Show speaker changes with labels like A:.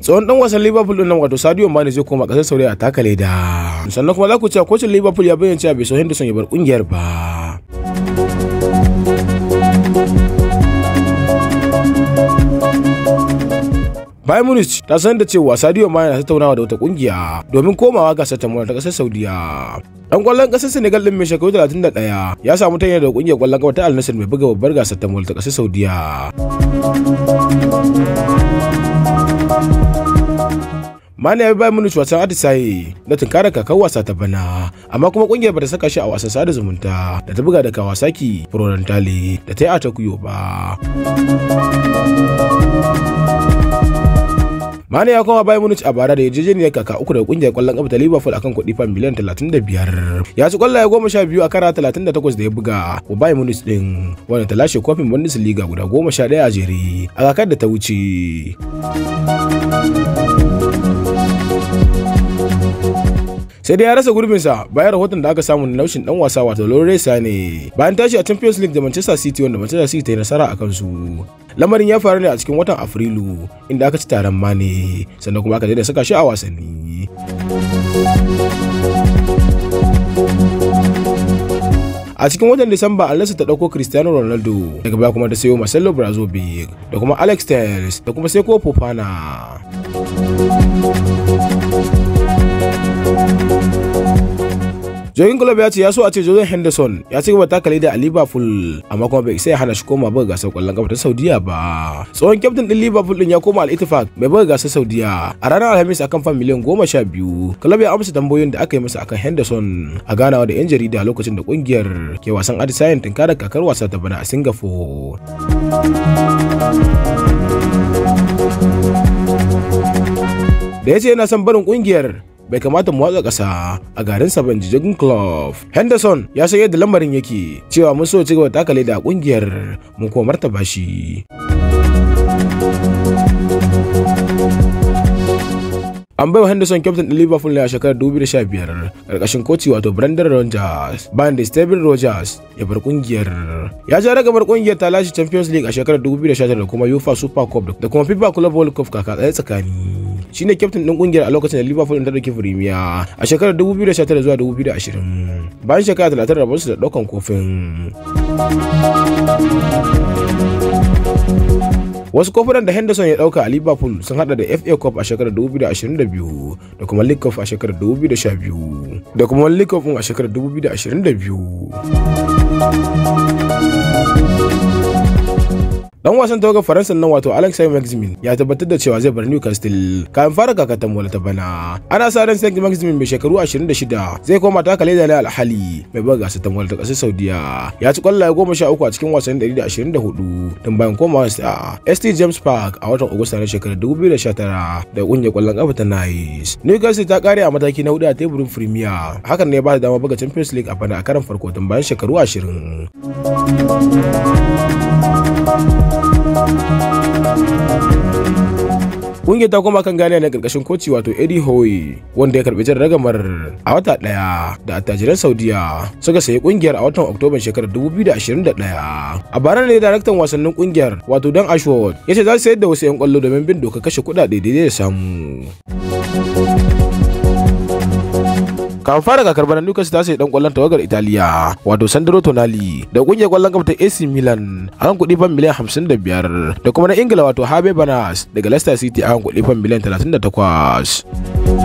A: tsohon dan wasan liverpool din nan wato sadio mane zai koma kasar saurayi a takale da sannan kuma za ku cewa kocin liverpool ya bayyana cewa bai so henderson ya bar kungiyar ba Bayern Munich ta sanar da cewa Sadio Mane na tattaunawa da wata kungiya domin komawa gasar ta ta kasar Saudiya. Dan kwallon kasar Senegal din mai shekaru 31 ya samu tanya da kungiyar kwallon kafa ta Al Nassr mai buga babbar gasar ta ta kasar Saudiya. Mane ya bai Munich wasan Atisaye na tunkarar kakar wasa ta bana, amma kuma kungiyar bata saka shi a wasan sada zumunta da ta buga da Kawasaki Frontale da ta yi a Tokyo ba. Mane ya koma Bayern Munich a bara da yarjejeniyar kaka uku da kungiyar kwallon kafa ta Liverpool akan kuɗi fa miliyan 35. Ya ci kwallaye goma sha biyu a kara 38 da ya buga wa Bayern Munich din wanda ta lashe kofin Bundesliga guda goma sha ɗaya a jere a kakar da ta wuce. sai dai ya rasa gurbinsa bayan rahoton da aka samu na naushin dan wasa wato Leroy ne bayan tashi a Champions League da Manchester City wanda Manchester City ta yi nasara a kansu lamarin ya faru ne a cikin watan Afrilu inda aka ci taron Mane sannan kuma aka daina saka shi a wasanni a cikin watan disamba lasa ta dauko cristiano ronaldo daga baya kuma da sayo marcelo brazovic da kuma alex telles da kuma seko fofana Jogin Klopp ya ce ya so a ce Jose Henderson ya ci gaba takale da a Liverpool amma kuma bai sai hana shi koma buga gasar kwallon kafa ta Saudiya ba. Tsohon kyaftin din Liverpool din ya koma Al Ittifaq mai buga gasar Saudiya a ranar Alhamis akan fan miliyan goma sha biyu. Klopp ya amsa tambayoyin da aka yi masa akan Henderson a ganawa da 'yan jarida lokacin da kungiyar ke wasan Adisayen tun da kakar wasa ta bana a Singapore. da ya ce yana son barin kungiyar bai kamata mu watsa ƙasa a garin ba inji club Henderson ya san yadda lamarin yake cewa mun so ci gaba takale da kungiyar mu kuma martaba shi. an baiwa henderson captain din liverpool ne a shekarar 2015 karkashin koci wato brandon rogers bayan da steven rogers ya bar kungiyar ya ja ragamar kungiyar ta lashe champions league a shekarar 2019 da kuma ufa super cup da kuma fifa club world cup kaka tsaye tsakani shine kyaftin din kungiyar a lokacin da Liverpool ta dauki firimiya a shekarar 2019 zuwa 2020 bayan shekara 30 da su da daukan kofin. wasu kofunan da henderson ya dauka a liverpool sun hada da fa cup a shekarar 2022 da kuma league cup a shekarar 2012 da kuma league cup a shekarar 2022 dan wasan tawagar faransa nan wato alex maximin ya tabbatar da cewa zai bar newcastle kafin fara kakatan wala ta bana ana sa ran saint maximin mai shekaru 26 zai koma taka leda na alhali mai buga gasar ta wala ta kasar saudiya ya ci kwallaye goma sha uku a cikin wasanni 124 tun bayan koma sa st james park a watan agusta na shekarar 2019 da kungiyar kwallon kafa ta nice newcastle ta kare a mataki na hudu a teburin premier hakan ne ba da dama buga champions league a bana a karan farko tun bayan shekaru 20 kungiyar ta koma kan ganiya na karkashin koci wato Eddie Hoy wanda ya karbi jan ragamar a wata daya da attajiran Saudiya suka sayi kungiyar a watan Oktoban shekarar 2021 a bara ne daraktan wasannin kungiyar wato Dan Ashworth ya ce za su sayar da wasu 'yan kwallo domin bin doka kashe kuɗaɗe daidai da samu. kafin fara kakar bana Lucas ta sai dan kwallon tawagar Italiya wato Sandro Tonali da kungiyar kwallon kafa ta AC Milan a kan kuɗi fan miliyan 55 da kuma na Ingila wato Habe Banas daga Leicester City a kan kuɗi fan miliyan 38